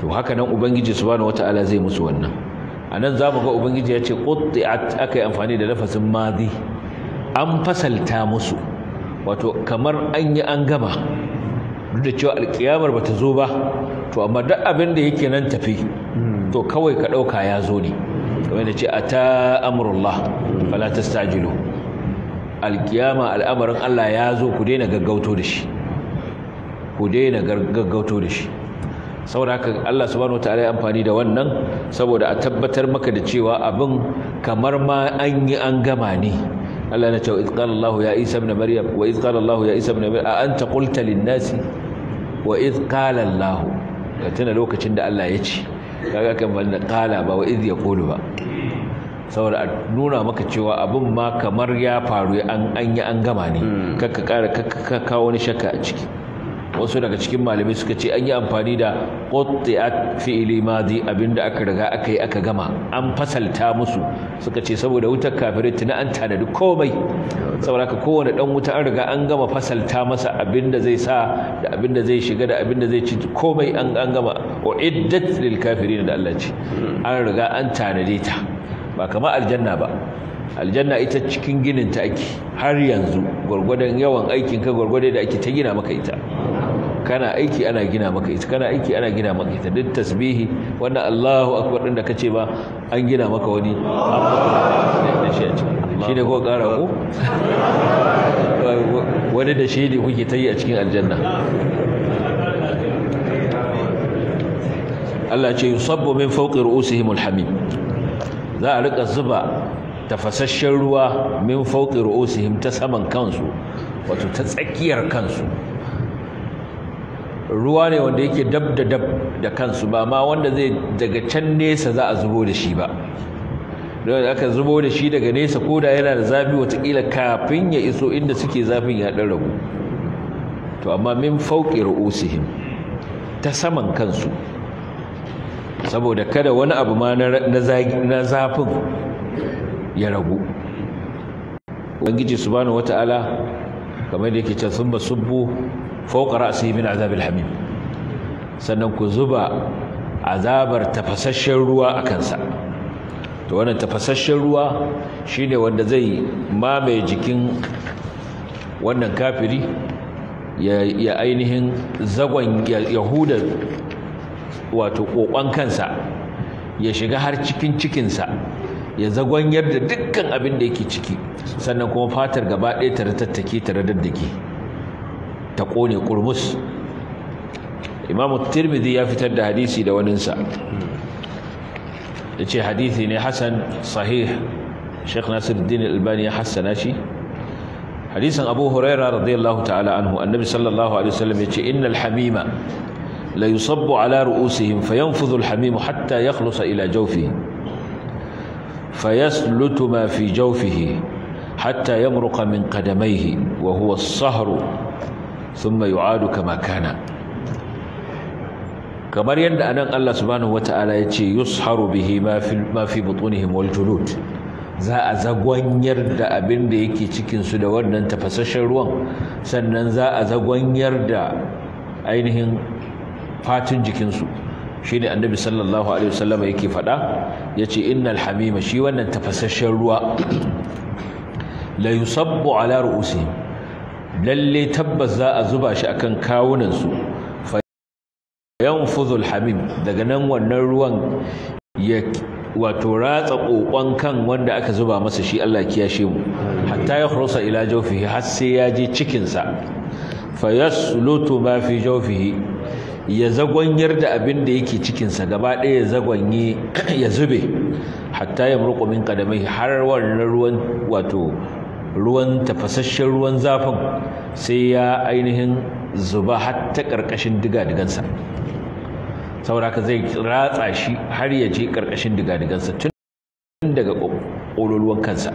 to haka nan ubangiji wata wata'ala zai musu wannan A anan zamu ga ubangiji ya ce aka yi amfani da lafasin mazi. an fasalta musu wato kamar an yi an gama duk da cewa alkiyamar bata zo ba to amma duk abin da yake nan tafi to kawai ka ɗauka ya zo ne kamar da ce a ta amurullah fala stajilo alkiyama al'amarin Allah ya zo ku daina gaggauto da shi ku daina gaggauto da shi saboda haka Allah subhanahu wataala ya amfani da wannan saboda a tabbatar maka da cewa abin kamar ma an yi an gama ne Allah na ce izgalallahu ya Isa ibn Maryam wa izgalallahu ya Isa ibn Maryam a ta qulta lin-nasi wa iz qala Allah ka tuna lokacin da Allah ya ce kaga kan banda qala ba wa iz yaqulu ba saboda a nuna maka cewa abin ma kamar ya faru an an an gama ne hmm. kakka kara kakka kawo wani shakka a ciki wasu daga cikin malamai suka ce an yi amfani da qutti'at fi'li madi abinda aka riga aka yi aka gama an fasalta musu suka ce saboda wutar kafirai tuna an tanadi komai saboda ka kowane dan wuta an riga an gama fasalta masa abinda zai sa da abinda zai shiga da abinda zai ci komai an an gama iddat lil kafirin da Allah ce an riga an tanade ta ba kamar aljanna ba aljanna ita cikin ginin ta ake har yanzu gwargwadon yawan aikin ka gwargwade da ake ta gina maka ita kana aiki ana gina maka ita kana aiki ana gina maka ita duk tasbihi wannan Allahu akbar din da kace ba an gina maka wani shi ne ko kara ko wani da shi ne kuke tayi a cikin aljanna Allah ce yusabbu min fawqi ru'usihim alhamim za a rika zuba tafasasshen ruwa min fawqi ru'usihim ta saman kansu wato ta tsakiyar kansu ruwa ne wanda yake dab da dab da kansu ba ma wanda zai daga can nesa za a zubo da shi ba don aka zubo da shi daga nesa ko da yana da zafi watakila kafin ya iso inda suke zafin ya ɗan ragu to amma min fauƙi ru'usihim ta saman kansu saboda kada wani abu ma na zafin ya ragu ubangiji subhanahu wata'ala kamar da yake can sun ba subbu fawqa ra'sihi min azabil hamim sannan ku zuba azabar tafasasshen ruwa a kansa to wannan tafasasshen ruwa shine wanda zai mamaye jikin wannan kafiri ya ainihin zagon Yahuda wato kokon kansa ya shiga har cikin cikinsa ya zagwanyar da dukkan abin da yake ciki sannan kuma fatar gaba ɗaya ta tattake ta daddake تقوني قرمس إمام الترمذي يفتد حديثي لو ننسى إيش حديثي حسن صحيح شيخ ناصر الدين الألباني حسن أشي حديث أبو هريرة رضي الله تعالى عنه النبي صلى الله عليه وسلم يقول إن الحميم ليصب على رؤوسهم فينفذ الحميم حتى يخلص إلى جوفه فيسلت ما في جوفه حتى يمرق من قدميه وهو الصهر thumma yu'adu kama kana kamar yadda anan Allah subhanahu wata'ala ya ce yusharu bihi ma fi ma fi butunihim wal julud za a zagwanyar da abin da yake cikin su da wannan tafasasshen ruwan sannan za a zagwanyar da ainihin fatin jikinsu shine annabi sallallahu alaihi wasallam yake faɗa yace innal hamima shi wannan tafasasshen ruwa la yusabbu ala ru'usihim lalle tabbas za a zuba shi akan kawunansu su yanfuzul hamim daga nan wannan ruwan ya wato ratsa kokon kan wanda aka zuba masa shi Allah kiyashe mu hatta ya ila jawfihi har sai ya je cikin sa fayaslutu ma fi jawfihi ya zagwanyar da abin da yake cikin sa gaba ɗaya ya zagwanye ya zube hatta ya murqu min qadamaihi har wannan ruwan wato ruwan tafasasshen ruwan zafin sai ya ainihin zuba hatta ƙarƙashin diga-digansa sauraka zai ratsa shi har ya je ƙarƙashin diga-digansa tun daga ƙololuwan kansa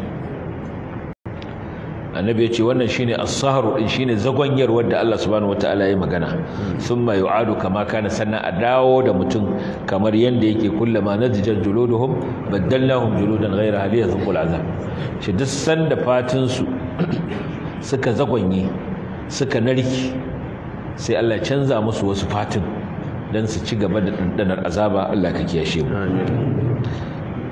annabi ya ce wannan shine as din shine zagwanyar wanda Allah subhanahu wataala ya magana thumma yu'adu kama kana sannan a dawo da mutum kamar yanda yake kullama najjal juluduhum baddalnahum juludan ghayra hal yadhuqul azab shi duk sanda fatin su suka zagwanye suka narki sai Allah canza musu wasu fatin dan su ci gaba da dandanar azaba Allah ka kiyashe mu amin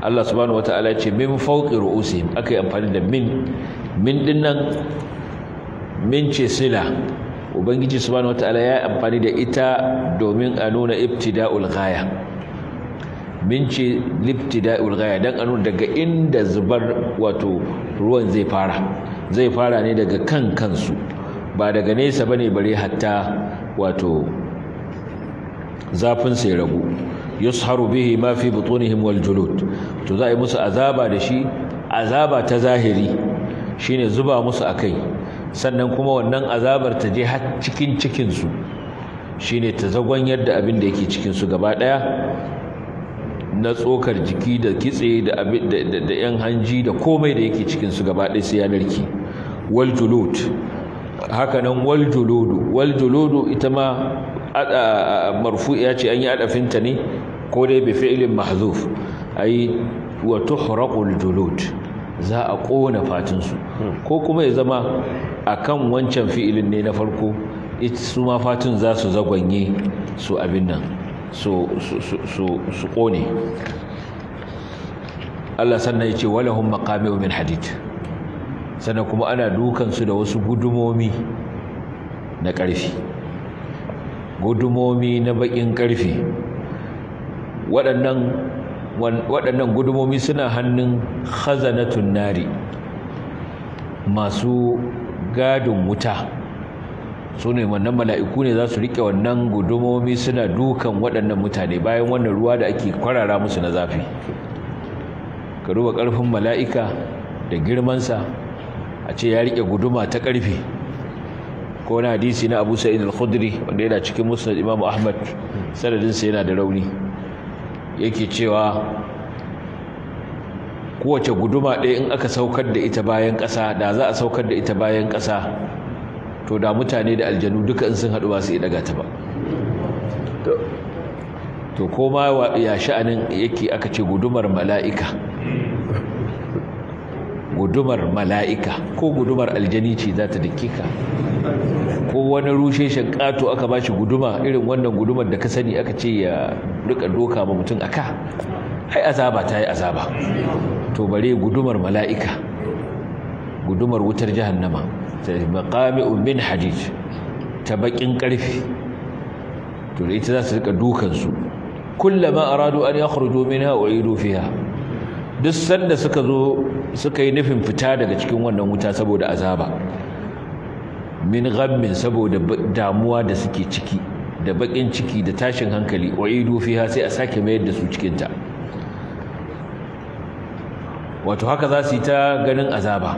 Allah subhanahu wataala ce min fawqi ru'usihim akai amfani da min min dinnan min ce sila ubangiji subhanahu wataala ya amfani da ita domin a nuna ibtida'ul ghaya min ce ibtida'ul ghaya dan a nuna daga inda zubar wato ruwan zai fara zai fara ne daga kan kansu ba daga nesa ba ne bare hatta wato zafin sai ragu yusharu به ما في بطونهم والجلود تو to za a yi musu azaba da shi azaba ta zahiri shine zuba musu kai sannan kuma wannan azabar ta je har cikin cikin su shine ta zagon yadda abin da yake cikin su gaba daya na tsokar jiki da kitse da abin da yan hanji da komai da yake cikin su gaba daya sai ya narki wal julud haka nan wal juludu wal juludu ita ma ya ce an yi adafinta ne ko dai bi fi'ilin mahzuf ai wa tuhraqul julud za a kona fatin su ko kuma ya zama akan wancan fi'ilin ne na farko su ma fatin za su zagwanye su abin nan su kone Allah sannan ya ce walahum makami min hadid sannan kuma ana dukansu da wasu gudumomi na ƙarfi gudumomi na bakin karfe waɗannan gudumomi suna hannun khazanatun nari masu gadin wuta su ne wannan mala'iku ne za su riƙe wannan gudumomi suna dukan waɗannan mutane bayan wannan ruwa da ake kwarara musu na zafi ka duba ƙarfin mala'ika da girmansa a ce ya riƙe guduma ta ƙarfe ko wani hadisi na Abu Sa'id al-Khudri wanda yana cikin Musnad Imam Ahmad sanadin yana da rauni yake cewa kowace guduma ɗaya in aka saukar da ita bayan ƙasa da za a saukar da ita bayan ƙasa to da mutane da aljanu duka in sun haɗu ba su iya daga ta ba to koma ya sha'anin yake aka ce gudumar mala'ika gudumar mala'ika ko gudumar aljani ce za ta dake ka ko wani rushe shankato aka ba shi guduma irin wannan gudumar da ka sani aka ce ya rika doka ma mutum aka ai azaba ta yi azaba to bare gudumar mala'ika gudumar wutar jahannama ta maqami'un min hadij ta bakin karfi to da ita za su rika dukansu kullama aradu an yakhruju minha u'idu fiha duk sanda suka zo suka yi nufin fita daga cikin wannan wuta saboda azaba min ghammin saboda damuwa da suke ciki da bakin ciki da tashin hankali idu fiha sai a sake mayar da su cikin ta wato haka za su yi ta ganin azaba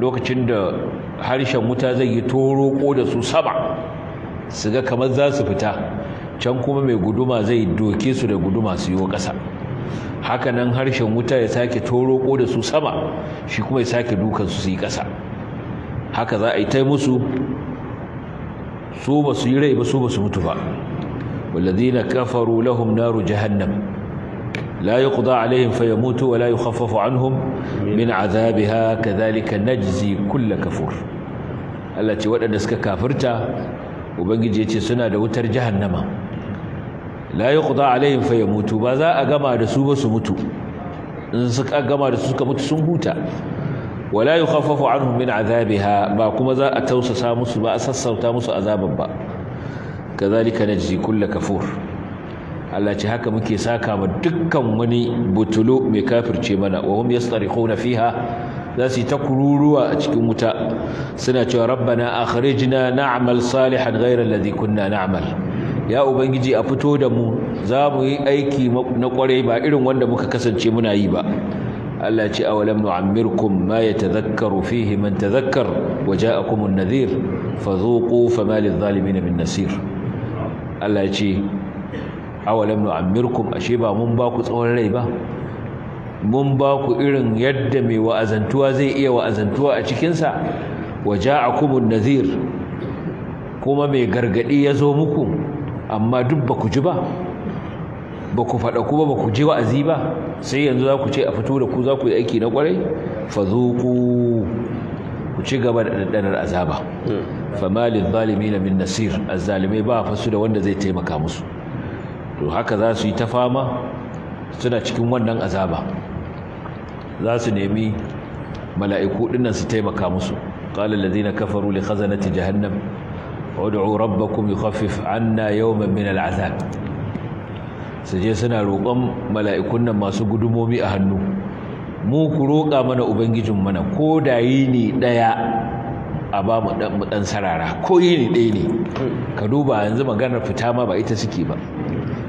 lokacin da harshen wuta zai yi toro ko da su saba su ga kamar za su fita can kuma mai guduma zai doke su da guduma su yi wa ƙasa haka nan harshen wuta ya sake toro ko da su sama shi kuma ya sake dukan su yi ƙasa haka za a yi ta musu su ba su yi rai ba su ba su mutu ba wallazina kafaru lahum naru jahannam la yuqda alaihim fayamutu wa la yukhaffafu anhum min azabiha kadhalika najzi kull kafur Allah ce waɗanda suka kafirta ubangiji ya ce suna da wutar jahannama la yuqda alaihim fayamutu ba za a gama da su ba mutu in suka gama da su suka mutu sun huta wala yukhaffafu anhum min azabiha ba kuma za a tausasa musu ba a sassauta musu azaban ba kazalika najzi kull kafur Allah ce haka muke saka ma dukkan wani butulu mai kafirce mana wa hum yastarikhuna fiha za su yi takururuwa a cikin wuta suna cewa rabbana akhrijna na'mal salihan ghayra alladhi kunna Na'amal. ya ubangiji a fito da mu za mu yi aiki na kwarai ba irin wanda muka kasance muna yi ba Allah ce a awalam nu'ammirkum ma yatadhakkaru fihi man tadhakkar wa ja'akum an-nadhir fadhuqu fama lidh-dhalimin min nasir Allah ce a awalam nu'ammirkum ashe ba mun ba ku tsawon rai ba mun ba ku irin yadda mai wa'azantuwa zai iya wa'azantuwa a cikinsa? sa wa ja'akum an-nadhir kuma mai gargadi ya zo muku amma duk ba ku ji ba ba ku faɗa ku ba ba ku je wa'azi ba sai yanzu za ku ce a fito da ku za ku yi aiki na kwarai fa zuku ku ci gaba da ɗanɗanar azaba fama na min nasir azzalimai ba fasu da wanda zai taimaka musu to haka za su yi ta fama suna cikin wannan azaba za su nemi mala'iku dinnan su taimaka musu qala allazina kafaru li khazanati jahannam wad'u rabbakum yukhaffif anna yawman min al'azab su je suna roƙon mala'ikun nan masu gudumomi a hannu mu ku roƙa mana ubangijin mana ko da yini ɗaya a ba mu sarara ko yini ɗaya ne ka duba yanzu maganar fita ma ba ita suke ba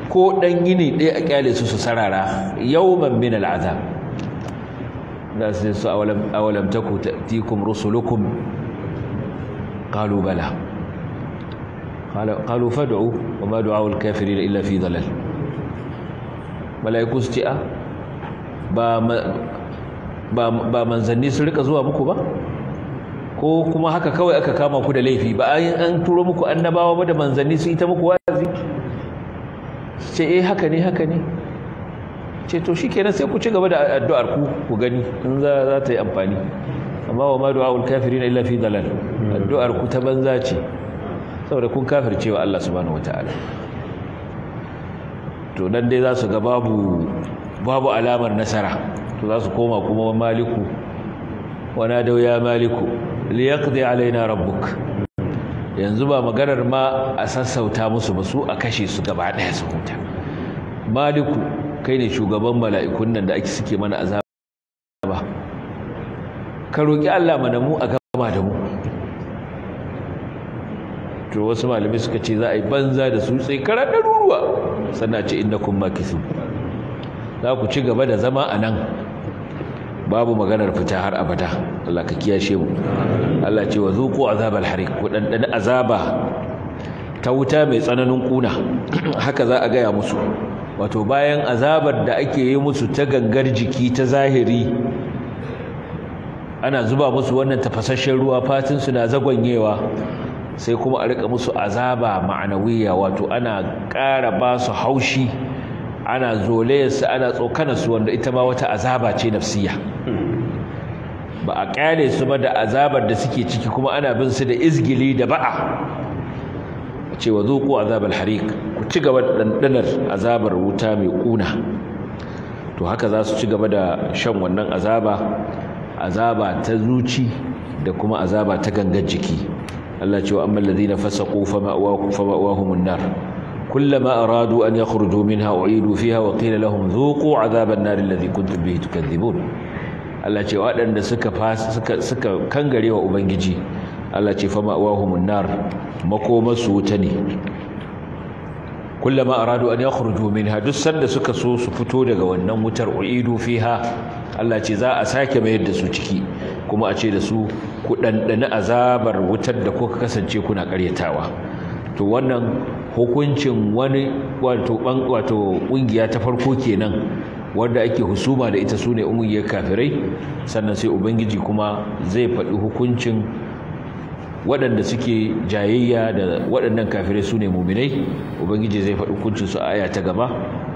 ko ɗan yini ɗaya a ƙyale su su sarara yawman min al'azab za su je su awalam taku ta'tikum rusulukum qalu qalu fad'u wa ma du'a'ul kafirin illa fi dalal malaiku su ce ah, ba ba manzanni su rika zuwa muku ba ko kuma haka kawai aka kama ku da laifi ba an an turo muku annabawa ba da manzanni su ita muku wazi ce eh haka ne haka ne ce to shikenan sai ku ci gaba da addu'ar ku ku gani in za za ta yi amfani amma wa ma du'a ul kafirin illa fi dalal addu'ar ku ta banza ce saboda kun cewa Allah subhanahu wataala to nan dai za su ga babu alamar nasara to za su koma kuma maliku wana da ya maliku liyaqdi alaina rabbuk yanzu ba maganar ma a sassauta musu ba su a kashe su gaba daya su huta maliku kai ne shugaban mala'ikun nan da ake suke mana azaba ka roki Allah mana mu a gama da mu to wasu malami suka ce za a yi banza da su da ruruwa sannan ce inda kun makisu za ku ci gaba da zama a nan babu maganar fita har abada Allah ka kiyashe mu Allah ce wa zuqu azabal harik ku dan azaba ta wuta mai tsananin kuna haka za a gaya musu wato bayan azabar da ake yi musu ta gangar jiki ta zahiri ana zuba musu wannan tafasasshen ruwa fatin su na zagwanyewa sai kuma a rika musu azaba ma'anawiya wato ana ƙara ba su haushi ana zole zolayarsu ana tsokana su wanda ita ma wata azaba ce nafsiya ba a ƙyale su ba da azabar da suke ciki kuma ana bin su da izgili da ba'a cewa zuku azabar harik ku ci gaba da ɗanɗanar azabar wuta mai ƙuna to haka za su ci gaba da shan wannan azaba azaba ta zuci da kuma azaba ta gangan jiki Allah ce wa amma alladhina fasaqu fama'wahum an-nar kullama aradu an yakhruju minha u'idu fiha wa qila lahum dhuqu 'adhaban nar alladhi kuntum bihi tukadhibun Allah ce waɗanda suka suka suka kangare wa ubangiji Allah ce fama'wahum an-nar makomasu wuta ne kullama aradu an yakhruju minha duk sanda suka so su fito daga wannan wutar uidu fiha Allah ce za a sake mayar da su ciki kuma a ce da su ku ɗanɗani azabar wutar da kuka kasance kuna ƙaryatawa to wannan hukuncin wani wato wato ƙungiya ta farko kenan wanda ake husuma da ita sune ƙungiyar kafirai sannan sai ubangiji kuma zai faɗi hukuncin waɗanda suke jayayya da waɗannan kafirai su ne muminai ubangiji zai faɗi hukuncin su aya ta gaba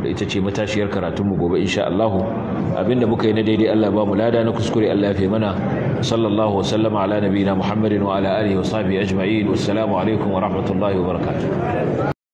da ita ce matashiyar karatun mu gobe insha Allah abinda muka yi na daidai Allah ba mu lada na kuskure Allah ya fi mana sallallahu sallama ala nabiyina Muhammadin wa ala alihi wa sahbihi ajma'in wassalamu alaikum wa rahmatullahi wa barakatuh